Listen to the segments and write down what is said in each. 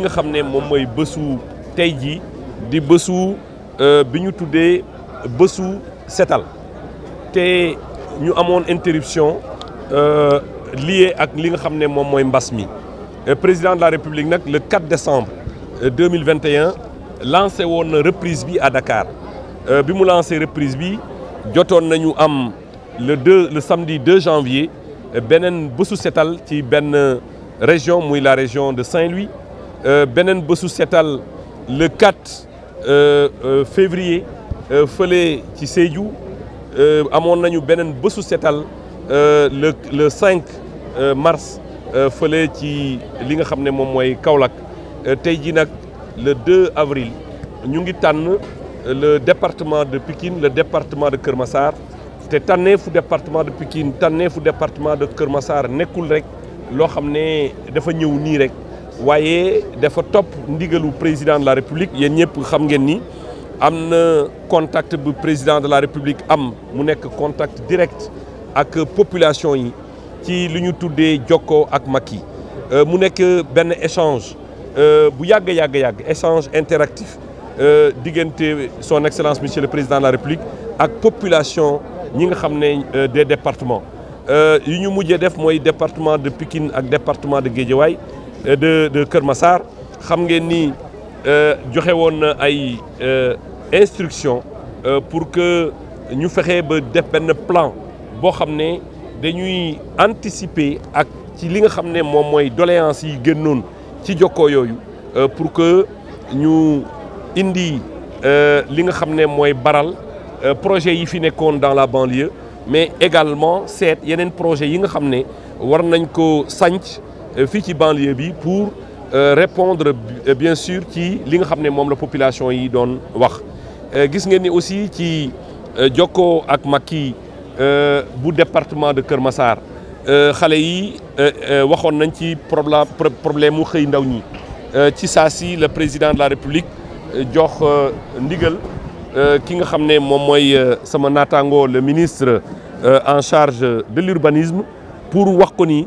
nga xamné mom moy mooy bésu tey di bésu euh biñu tuddee bésu sétal té ñu amone interruption euh, liée ak li nga xamné mom moy mbassmi le euh, président de la république nak le 4 décembre 2021 euh, lancé woon reprise bi à Dakar bi mu lancé reprise bi jotoon nañu am le 2 le samedi 2 janvier benen bésu sétal ci benn région muy la région de Saint-Louis euh, Benin bésu setal le 4 euh, euh, février fële ci Sédhiou amon nañu Benen bésu setal le le 5 mars fële ci li nga xam ne le 2 avril ñu ngi le département de Pikine le département de Kër Massar te département de Pikine tànneefu département de Kër Massar nekkul rek ne dafa ñëw rek waaye dafa top ndigalu président de la république yéen ñëpp xam ngeen contact bu président de la république am mu nekk contact direct ak population yi ci li ñu de jokkoo ak Macky euh, mu échange euh, bu yàgg yàgg échange interactif euh, diggante son excellence monsieur le président de la république ak population ñi nga des départements Nous avons le def département de Pikine ak département de Guédiawaye euh, de de Kër euh, euh, instructions pour que nous fassions des plan nous anticiper ak ci li pour que nous, indi li nga projets projet qui dans la banlieue mais également un y projet yi nga savez... war nañ euh, fii ci banlieue bi pour euh, répondre euh, bien sûr ci li nga xamné mom la population yi doon wax gis ngeen aussi ci Joko ak Macky bu département de keur Massar xalé yi waxoon nañ ci problème problème mu xëy ndaw ñi ci sasi le président de la république jox ndigal ki nga xamné mom Samanatango, sama natango le ministre en charge de l'urbanisme pour wax ko ni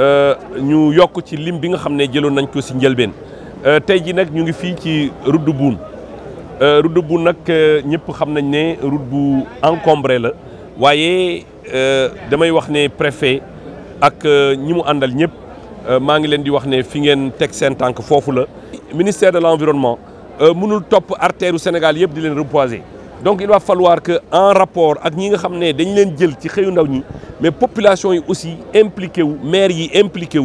Euh, ñu yokk ci lim bi nga xam ne jëloon nañ ko si njëlbeen euh, tey ji nag ñu ngi fii ci route de Boune bu euh, de Boune ñëpp xam nañ ne route bu encombré la waaye damay wax ne préfet ak ñi mu àndal ñëpp maa ngi leen di wax ne fi ngeen teg seen tànk foofu la. ministère de l'environnement mënul topp arteru Sénégal yëpp di leen repoiser. donc il va falloir que rapport avec ñi nga qui ont dañ leen jël ci xëyu ndaw mais population yi aussi impliquée les maire yi impliqué